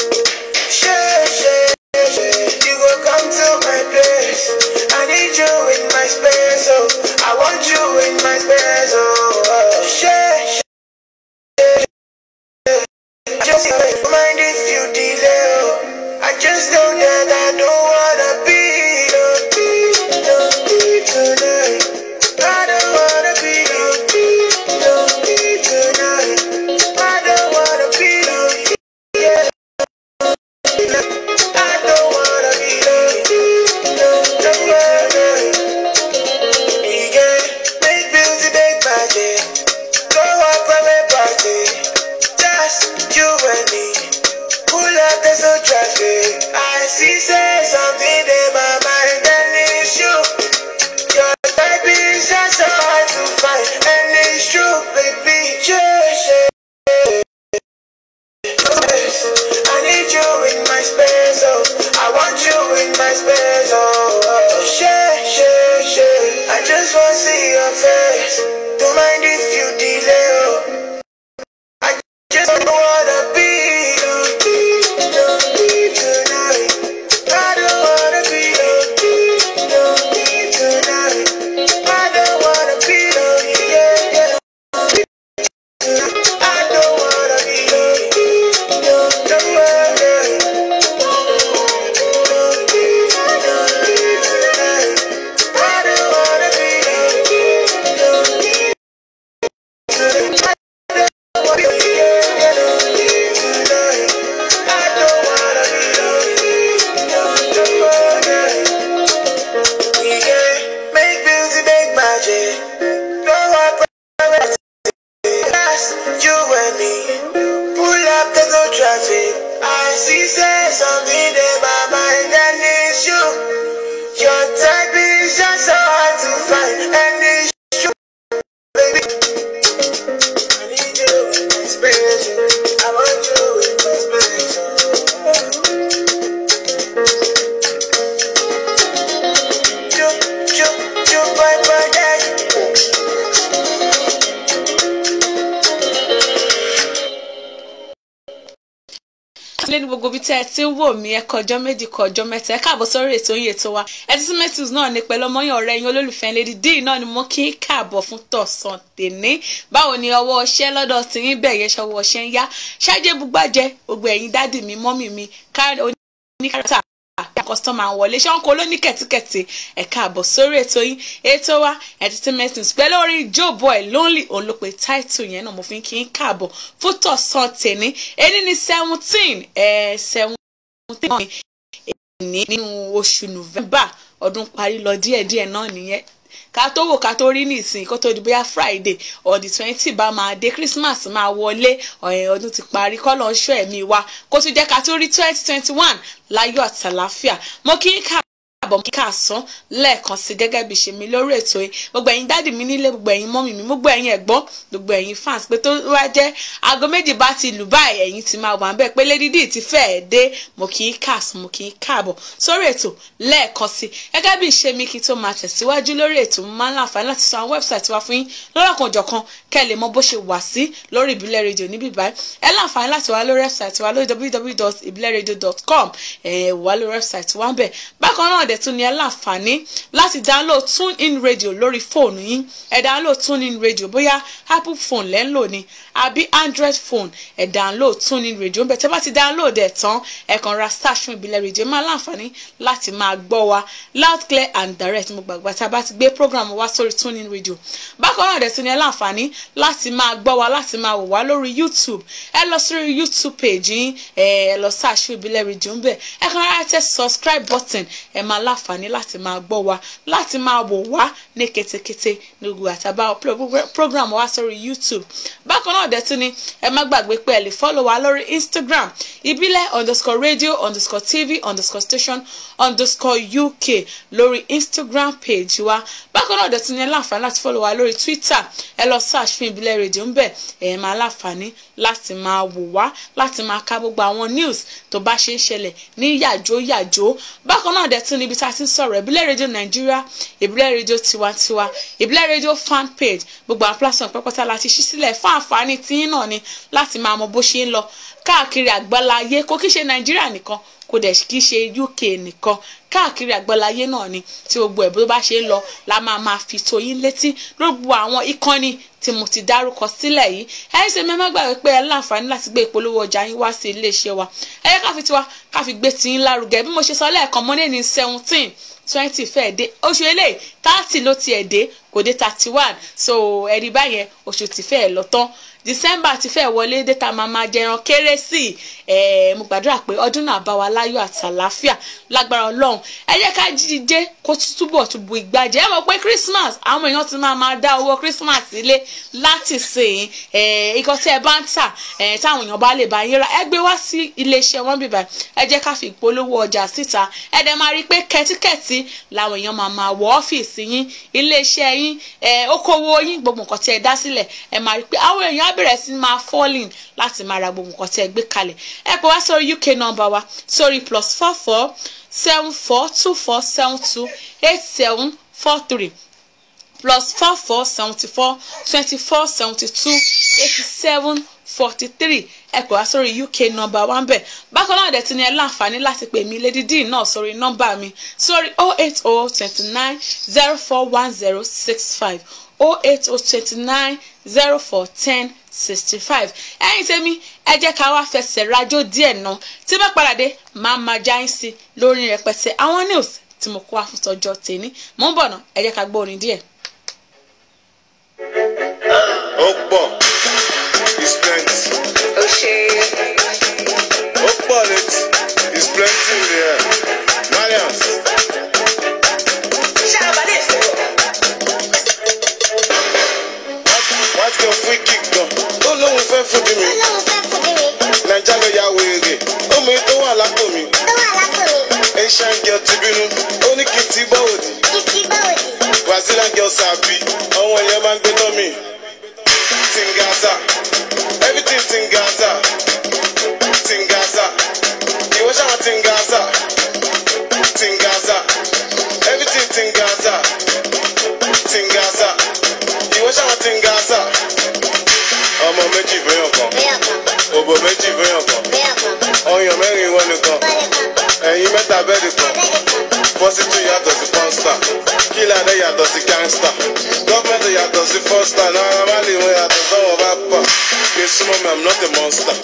Thank you. sílé ní gbogbo ibi tí ẹ ti ń wò mí ẹ kọjọ́ méjì kọjọ́ mẹ́ta ẹ káàbọ̀ sórí ètò yín ètò wa entertainment news náà ni pẹ̀lú ọmọ yín ọ̀rẹ́ yín olólùfẹ́ Lady D náà ni mo kí ń káàbọ̀ fún tọ̀sán tèmi báwo ni ọwọ́ ọṣẹ́ lọ́dọ̀ tí yín bẹ̀yẹ ṣọwọ́ ọṣẹ́ ń yá ṣáájú ebúgbàjẹ́ gbogbo ẹ̀yin dádì mi mọ́mì mi káàdì oníkàrà kọ́sítọ́mà ń wọlé ṣọ́nkó ló ní kẹ̀tíkẹ̀tì ẹ̀ka àbọ̀ sórí ètò yín ètò wa entertainment news pẹ̀lú orí joe boy lonely òun ló pe táìtù yẹn náà mo fi kí n káàbọ̀ fún tọ̀sán tèmi ẹni ní seventeen ẹ̀ seventeen ní nínú oṣù november ọdún parí lọ díẹ̀díẹ̀ náà nìyẹn ká tó wò ká tó rí nìsín kó tó di bóyá friday or the twenty bá máa dé christmas máa wọlé ọdún ti parí kọ́ lọ́ọ́ ṣọ́ ẹ̀mí wa kó tún jẹ́ ká tó rí twenty twenty one láyọ̀ àtàláfíà mo kí ká káàbọ̀ kí káàsán lẹ́ẹ̀kan sí gẹ́gẹ́ bí ṣe mi lórí ètò yìí gbogbo ẹ̀yin dáàdì mi nílé gbogbo ẹ̀yin mọ́mì mi gbogbo ẹ̀yin ẹ̀gbọ́n gbogbo ẹ̀yin fans pé tó wá jẹ́ aago méjì bá ti lù báyìí ẹ̀yin ti máa wà ń bẹ̀ pé lédídì ti fẹ́ẹ̀ dé mo kì í káàsán mo kì í káàbọ̀ sórí ètò lẹ́ẹ̀kan sí gẹ́gẹ́ bí ṣe mi kí tó máa tẹ̀síwájú lórí ètò mo máa ń láǹfààní láti sọ àwọn wẹ́bsáìtì tún ní aláǹfààní láti download tune in radio lórí fóònù yín ẹ download tune in radio bóyá apple phone lẹ́ ń lò ní àbí android phone ẹ download tune in radio ń bẹ tẹ́ bá ti download ẹ̀ tán ẹ kàn ra search fún ìbílẹ̀ radio máa láǹfààní láti máa gbọ́ wa loud clear and direct mo gbàgbà tá a bá ti gbé program wa sórí tune in radio bákan náà dẹ̀ tún ní aláǹfààní láti máa gbọ́ wa láti máa wò wá lórí youtube ẹ lọ sórí youtube page yín ẹ lọ search fún ìbílẹ̀ radio ń bẹ ẹ kàn ra tẹ subscribe button ẹ máa lá láǹfààní láti máa gbọ́ wa láti máa wò wá ní ketekete ní gbogbo àtàbá program wa sórí YouTube bákan náà dẹ̀ tún ni ẹ má gbàgbé pé ẹ lè fọ́lọ̀ wa lórí Instagram ìbílẹ̀ underscore radio underscore tv underscore station underscore uk lórí Instagram page wa bákan náà dẹ̀ tún ni ẹ láǹfààní láti fọ́lọ̀ wa lórí Twitter ẹ lọ search fún ìbílẹ̀ radio ń bẹ̀ ẹ máa láǹfààní láti máa wò wá láti máa ká gbogbo àwọn news tó bá ṣe ń ṣẹlẹ̀ ní yàjó yàjó bákan náà dẹ̀ tún níbi tá a ti ń sọ̀rọ̀ ìbílẹ̀ rédíò nàìjíríà ìbílẹ̀ rédíò tiwantiwa ìbílẹ̀ rédíò fan page gbogbo àwọn platform pẹ́pẹ́ta láti ṣí sílẹ̀ fún àǹfààní tiyín náà ni láti máa mọ bó ṣe ń lọ káàkiri àgbáláyé kò kí ṣe nàìjíríà nìkan kò dẹ̀ kí ṣe UK nìkan káàkiri àgbọ̀láyé náà ni tí gbogbo ẹ̀ bó bá ṣe ń lọ la máa máa fi tó yín létí gbogbo àwọn ìkànnì tí mo ti dárúkọ sílẹ̀ yìí ẹ ṣe mẹ́mọ́ gbàgbé pé ẹ láǹfààní láti gbé ìpolówó ọjà yín wá sí iléeṣẹ́ wa ẹ yẹ ká tiwa ká gbé tiyín lárugẹ bí mo ṣe sọ lẹ́ẹ̀kan mọ́ ní seventeen twenty fẹ́ẹ̀ dé oṣù eléyìí thirty ló tiẹ̀ dé kò dé thirty one so ẹ̀rí báyẹn oṣù ti fẹ́ẹ̀ lọ tán december ti fẹ́ẹ̀ wọlé déta máa máa jẹran kérésì ẹ̀ẹ́ mo gbàdúrà pé ọdún náà bá wa láyọ̀ àtàláfíà lágbára ọlọ́run ẹ jẹ́ ká jíjẹ kó túbọ̀ tún bu ìgbà jẹ́ ẹ mọ̀ pé christmas àwọn èèyàn ti máa máa dá owó christmas ilé láti sìn ẹ̀ẹ́ ikọ̀ tí ẹ bá ń tà ẹ̀ẹ́ táwọn èèyàn bá lè bá yín ra ẹ gbé wá sí iléeṣẹ́ wọn bíbá ẹ jẹ́ ká fi ìpolówó ọjà síta ẹ dẹ̀ máa rí i pé kẹtíkẹtì sí làwọn èèyàn máa máa wọ ọ́fíìsì yín iléeṣẹ́ yín okòwò yín gbogbo nǹkan tí ẹ dá sílẹ̀ ẹ máa rí pé àwọn èèyàn á bẹ̀rẹ̀ sí máa falling láti máa ra gbogbo nǹkan tí ẹ gbé kalẹ̀ ẹ pè wá sórí UK nọ́mbà wa sórí plus four four seven four two four seven two eight seven four three plus four four seventy four twenty four seventy two eighty seven forty three ẹ pè wá sórí UK nọmba wa ń bẹ̀ bákan náà dẹ̀ ti ní ẹ láǹfààní láti pè mí Lady D náà sórí nọmba mi sórí oh eight oh twenty nine zero four one zero six five oh eight oh twenty nine zero four ten sixty five ẹ̀yin tèmi ẹ jẹ́ ká wá fẹsẹ̀ rajó díẹ̀ náà tí bá padà dé máa máa já yín sí lórí rẹpẹtẹ àwọn news tí mo kó wá fún tọjọ́ tèmi mò ń bọ̀ náà ẹ jẹ́ ká gbọ́ orin díẹ̀. ó pọ̀ is plenty. Ó ṣe. plenty there. Mariam. Ṣé àbálẹ̀ ìfẹ́? Wọ́n ti kẹ́ free kick gan. Ó lóun fẹ́ fúdi mi. Nàìjà lọ ya wèrè. Omi tó wà lápò mi. Tó wà lápò mi. Asian girl ti bínú. Ó ní kìtì bọ́ọ̀dì. Kìtì bọ́ọ̀dì. Brazilian gangster kílà dẹ̀ yàtọ̀ sí gangster gọ́ọ̀mẹ̀ntì yàtọ̀ sí fọ́stà náà ara má lè wọ́n yàtọ̀ sọ́wọ́ bá pọ̀ kí súnmọ́ mi i'm not a monster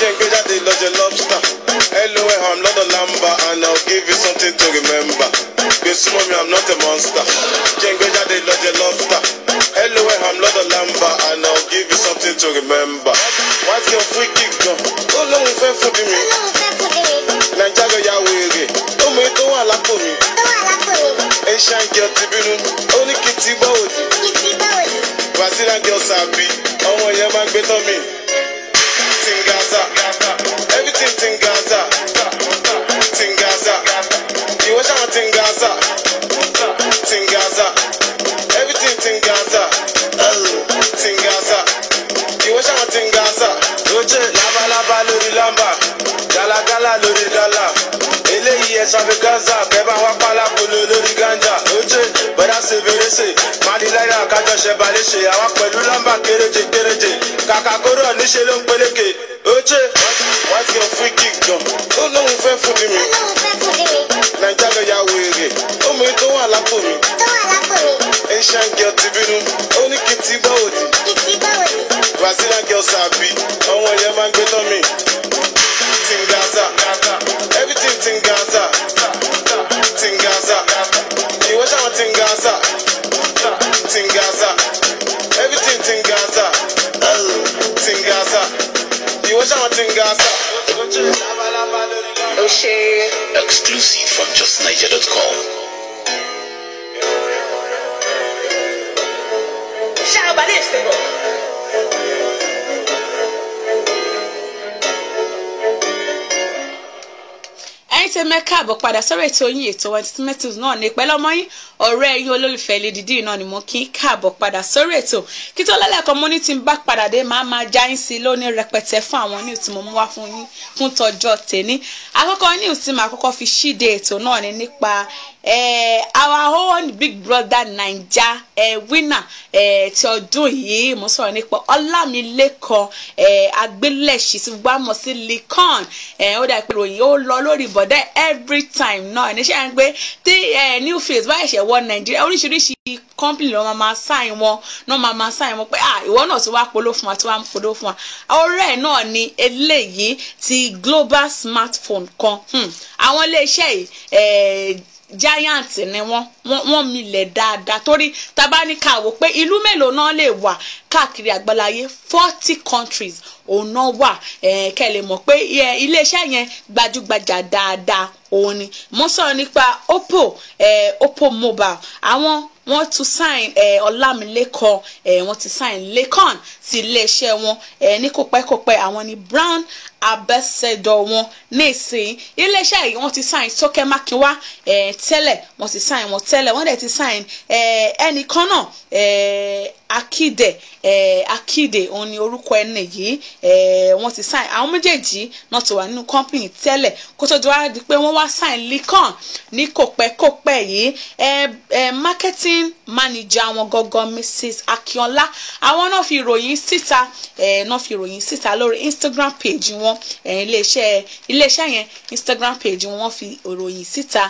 jẹ́ n gbé jáde lọ́jọ́ lobster I'm not a lumber, and i'll give you something to remember This moment, i'm not a monster jẹ́ n gbé jáde lọ́jọ́ lobster I'm not a lumber, and i'll give you something to remember What's your ọ gun? kíkan ó lóun fẹ́ fún bí girl ti bínú ó ní kí ti gbọ́ òdì. Brazilian girls are big ọmọ yẹn máa ń gbé tán mi. Tingaza everything Tingaza Tingaza ìwọ ṣáà Tingaza Tingaza everything Tingaza Tingaza ìwọ ṣáà Tingaza. Roche labalábá lórí lámbà, gàlágàlá lórí dọ́là, eléyìí ẹ̀ ṣàfi Gaza. tán kájọ ṣe balẹ̀ ṣe àwọn pẹ̀lú nọ́mbà kéréje kéréje kàkà kóró ló ń peléke oche wọ́n ti free kick jọ ó lóun fẹ́ fún mi nàìjíríà ló ya wèrè omi tó wà lápò mi asian girl ti bínú ó ní kìtì gbọ́ òdì brazilian girl sàbí ọmọ yẹn máa ń gbé tán mi. Exclusive from justniger.com. Shout out ṣe mẹ́ka àbọ̀ padà sọ́rọ̀ ètò yín ètò entertainment náà ní pẹ́lú ọmọ yín ọ̀rẹ́ yín olólùfẹ́ lè dídí náà ni mo kí ń káàbọ̀ padà sọ́rọ̀ ètò kí tó lálẹ́kọ̀ọ́ mo ní ti ń bá padà dé máa máa já yín sí lónìí rẹpẹtẹ fún àwọn news tí mo mú wá fún yín fún tọjọ́ tèmi àkọ́kọ́ news tí màá kọ́kọ́ fi ṣíde ètò náà ni nípa our own big brother naija winner ti ọdún yìí mo sọ̀rọ̀ nípa ọlámilékan agbélẹ̀ṣì tí wàá mọ̀ sí likan ó dà pé ròyìn ó lọ lórí bọ̀dá every time náà ẹni ṣe à ń gbé tí new face bá ẹ̀ṣẹ̀ wọ nàìjíríà oríṣiríṣi company ló máa máa sign wọn náà máa máa sign wọn pé ah ìwọ náà ti wá polówó fún wa ti wá polówó fún wa ọ̀rẹ́ náà ni eléyìí ti global smartphone kan hmm. àwọn iléeṣẹ́ yìí giant ni wọn wọn milẹ̀ dáadáa torí tabani bá ní ká wò pé ìlú mélòó náà lè wà káàkiri àgbáláyé forty countries òun náà wà kẹ́ lè mọ̀ pé iléeṣẹ́ yẹn gbajúgbajà dáadáa òun ni mo sọ̀rọ̀ nípa oppo oppo mobile àwọn wọ́n tún sign ọlámilékan wọ́n ti sign lekan sí iléeṣẹ́ wọn ní kòpẹ́kòpẹ́ àwọn ni brown abẹ́sẹ̀dọ̀ wọn nísìnyí iléeṣẹ́ yìí wọ́n ti sign tókẹ́ mákinwá tẹ́lẹ̀ wọ́n ti sign wọn tẹ́lẹ̀ wọ́n dẹ̀ ti sign ẹnìkan náà akide eh, akide òun ni orúkọ ẹni yìí eh, wọ́n ti sign àwọn méjèèjì náà ti wà nínú company tẹ́lẹ̀ kó tó di wá di pé wọ́n wá sign Likan ní kòpẹ́kòpẹ́ yìí eh, eh, marketing manager wọn gangan Mrs Akiola. àwọn náà fi ìròyìn síta eh, náà fi ìròyìn síta lórí Instagram page wọn eh, iléeṣẹ́ iléeṣẹ́ yẹn Instagram page wọn wọ́n fi ìròyìn síta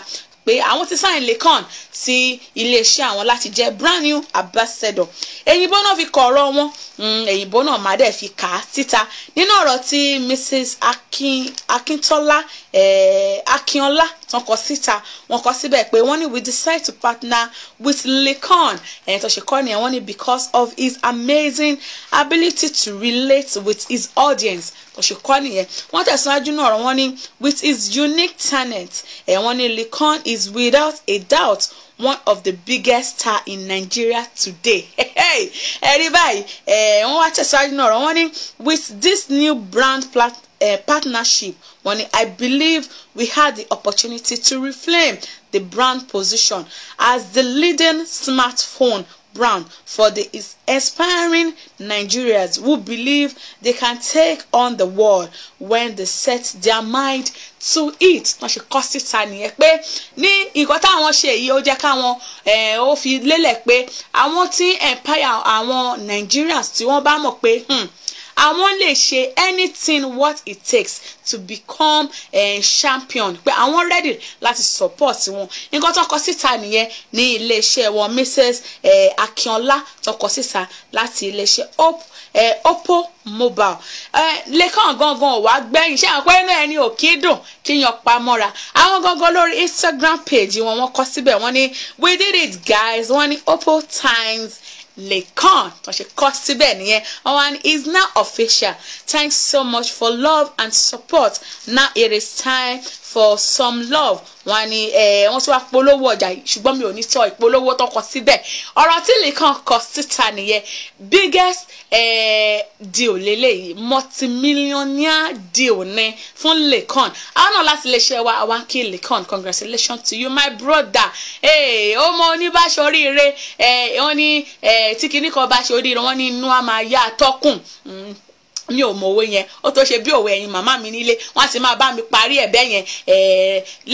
pé àwọn ti sign Lekan sí iléeṣẹ́ àwọn láti jẹ́ brand new ambassador èyìnbó náà fi kọ ọ̀rọ̀ wọn hmm, èyìnbó náà má dẹ̀ fi kà á síta nínú ọ̀rọ̀ tí Mrs Akin Akintola eh, Akinola tán kọ síta wọ́n kọ síbẹ̀ pé wọ́n ní we decide to partner with Lekan ẹ̀yìn tó ṣe kọ́ nìyẹn wọ́n ní because of his amazing ability to relate with his audience tó ṣe kọ́ nìyẹn wọ́n tẹ̀síwájú náà ọ̀rọ̀ wọ́n ní with his unique talent ẹ̀ wọ́n ní Lekan is without a doubt one of the biggest star in Nigeria today ẹ̀rí báyìí ẹ̀ wọ́n wá tẹ̀síwájú náà ọ̀rọ̀ wọ́n ní with this new brand platform uh, partnership money i believe we had the opportunity to reframe the brand position as the leading smartphone brand for the aspiring nigerians who believe they can take on the world when they set their mind to it wọ́n ṣe kọ́ síta nìyẹn pé ní nǹkan táwọn ṣe yìí ó jẹ́ káwọn ó fi lélẹ̀ pé àwọn tí empire àwọn nigerians tí wọ́n bá mọ̀ pé. Hmm, àwọn lè ṣe anything what it takes to become a champion pé àwọn ready láti support wọn nǹkan tó kọ síta nìyẹn ní iléeṣẹ́ wọn Mrs Akínọlá tó kọ síta láti iléeṣẹ́ hope eh, oppo mobile eh, lẹ́kàn gangan wá gbẹ̀yìn ṣé àwọn pé inú ẹni ò kí dùn kí yan pa mọ́ra àwọn gangan lórí instagram page wọn wọ́n kọ síbẹ̀ wọ́n ní we did it guys wọ́n ní oppo times lekan tó ṣe kọ síbẹ̀ nìyẹn and is now official thanks so much for love and support now it is time for some love wọn ni ẹ eh, wọn ti wá polówó ọjà ṣùgbọ́n mi ò ní sọ ìpolówó tọkọ síbẹ̀ ọ̀rọ̀ tí nìkan kọ síta nìyẹn biggest eh, deal lélẹ́yìí multimillionaire deal ni fún Lekan àwọn náà láti lè ṣe wa àwọn kí Lekan congratulations to you my brother eh, ọmọ oníbàṣọ oríire eh, wọn ni tí kinní kan bá ṣe oríire wọn ni inú á yá àtọkùn. Hmm mi ò mọ òwe yẹn ó tó ṣe bí òwe ẹ̀yin màmá mi nílé wọ́n á ti máa bá mi parí ẹ̀ bẹ́ẹ̀ yẹn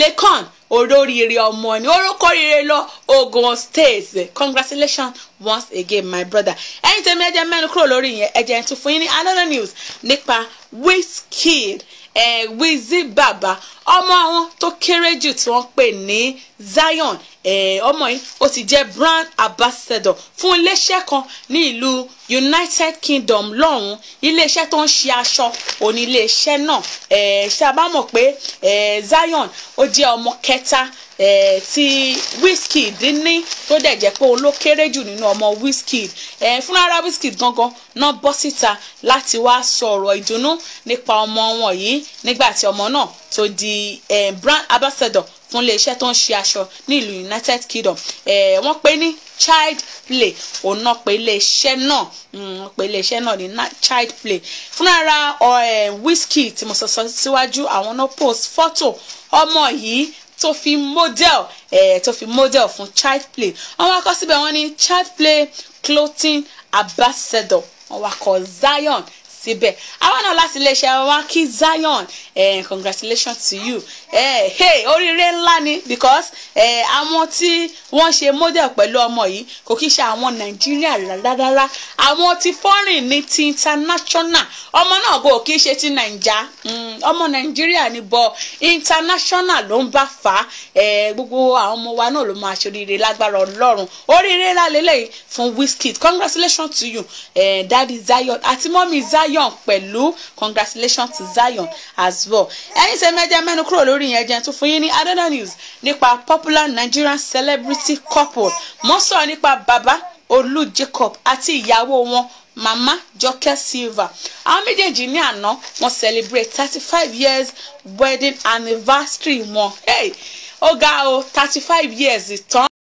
lẹ́kàn olóríire ọmọ ni orúkọ rire lọ Ogun State congratulations once again my brother ẹ̀yin tèmi ẹ jẹ́ mẹ́nu kúrò lórí yẹn ẹ jẹ́ tún fún yín ní another news nípa Wizkid Wizzy Baba ọmọ wọn tó kéré jù tí wọ́n pè ní Zion ọmọ yìí ó ti jẹ́ brand ambassador fún iléeṣẹ́ kan ní ìlú United Kingdom lọ́hùn-ún iléeṣẹ́ tó ń ṣe aṣọ oníléeṣẹ́ náà ṣe àbámọ̀ pé Zion ó jẹ́ ọmọ kẹta kẹta eh, ti Wizkid ní tó dẹ̀ jẹ́ pé òun ló kéré jù nínú ọmọ Wizkid eh, fúnra Wizkid gangan náà bọ́ síta láti wá sọ̀rọ̀ ìdùnnú nípa ọmọ wọn yìí nígbà tí ọmọ náà tó di eh, brand ambassador fún iléeṣẹ́ tó ń ṣe aṣọ ní ìlú United Kingdom eh, wọ́n pè ní child play òun náà pè iléeṣẹ́ náà hmm, pè iléeṣẹ́ náà ní child play fúnra eh, Wizkid tí mo sọ síwájú àwọn náà post fọ́tò ọmọ yìí tó fi model eh, tó fi model fún child play wọ́n wá kọ síbẹ̀ wọ́n ní child play clothing ambassador wọ́n wá kọ Zion síbẹ̀ àwọn náà láti iléeṣẹ́ wa kí Zion eh, congratulations to you eh, hey, oríire ńlá ni because eh, àwọn tí wọ́n ṣe model pẹ̀lú ọmọ yìí kò kí ṣe àwọn Nàìjíríà rárá àwọn ti foreign ní ti international ọmọ náà kò kí ṣe ti Nàìjà hmm, ọmọ Nàìjíríà ni bọ international ló ń bá fà á eh, gbogbo àwọn ọmọ wa náà ló máa ṣoríire lágbára Ọlọ́run oríire ńlá lélẹ́yìn fún Wizkid congratulations to you eh, daddy Zion àti mọ́mí Zion. Zion pẹ̀lú congratulations to Zion as well ẹ̀yin ṣe mẹ́jẹ mẹ́nu kúrò lórí yẹn jẹun tún fún yín ní adana news nípa popular Nigerian celebrity couple mo sọ̀rọ̀ nípa Baba Olú Jacob àti ìyàwó wọn mama Jọkẹ́ Silva àwọn méjèèjì ní àná wọ́n celebrate thirty five years wedding anniversary wọn hey, ó ga o thirty five years tán.